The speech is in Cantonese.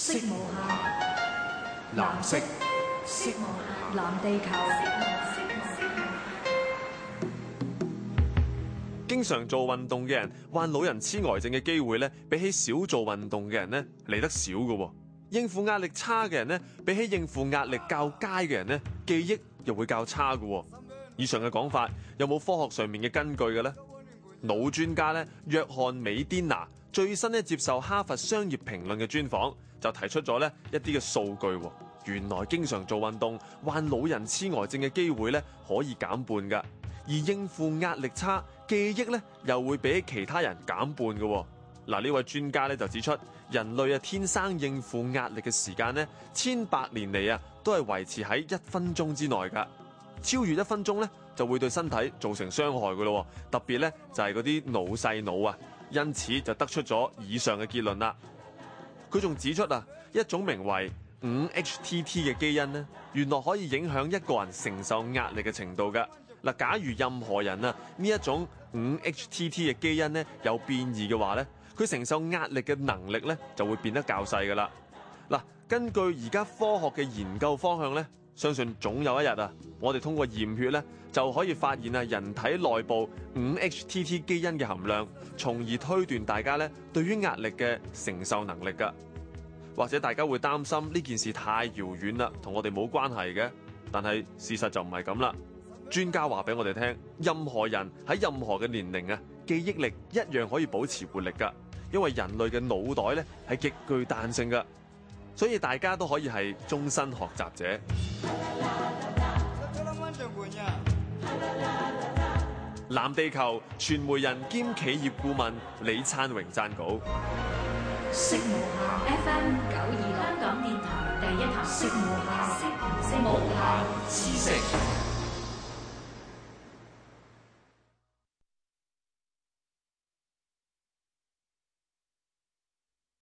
色無限，藍色。色母下藍地球。色藍地球色經常做運動嘅人患老人痴呆症嘅機會咧，比起少做運動嘅人咧，嚟得少嘅。應付壓力差嘅人咧，比起應付壓力較佳嘅人咧，記憶又會較差嘅。以上嘅講法有冇科學上面嘅根據嘅咧？腦專家咧，約翰美甸娜。最新咧接受哈佛商業評論嘅專訪，就提出咗咧一啲嘅數據。原來經常做運動，患老人痴呆症嘅機會咧可以減半噶。而應付壓力差，記憶咧，又會比其他人減半嘅。嗱，呢位專家咧就指出，人類啊天生應付壓力嘅時間咧，千百年嚟啊都係維持喺一分鐘之內噶。超越一分鐘咧就會對身體造成傷害噶咯。特別咧就係嗰啲腦細腦啊。因此就得出咗以上嘅結論啦。佢仲指出啊，一種名為五 H T T 嘅基因呢，原來可以影響一個人承受壓力嘅程度噶。嗱，假如任何人啊呢一種五 H T T 嘅基因呢，有變異嘅話呢，佢承受壓力嘅能力呢，就會變得較細噶啦。嗱，根據而家科學嘅研究方向呢。相信總有一日啊，我哋通過驗血咧，就可以發現啊，人體內部五 H T T 基因嘅含量，從而推斷大家咧對於壓力嘅承受能力噶。或者大家會擔心呢件事太遙遠啦，同我哋冇關係嘅。但係事實就唔係咁啦。專家話俾我哋聽，任何人喺任何嘅年齡啊，記憶力一樣可以保持活力噶，因為人類嘅腦袋咧係極具彈性噶，所以大家都可以係終身學習者。藍地球傳媒人兼企業顧問李燦榮撰稿。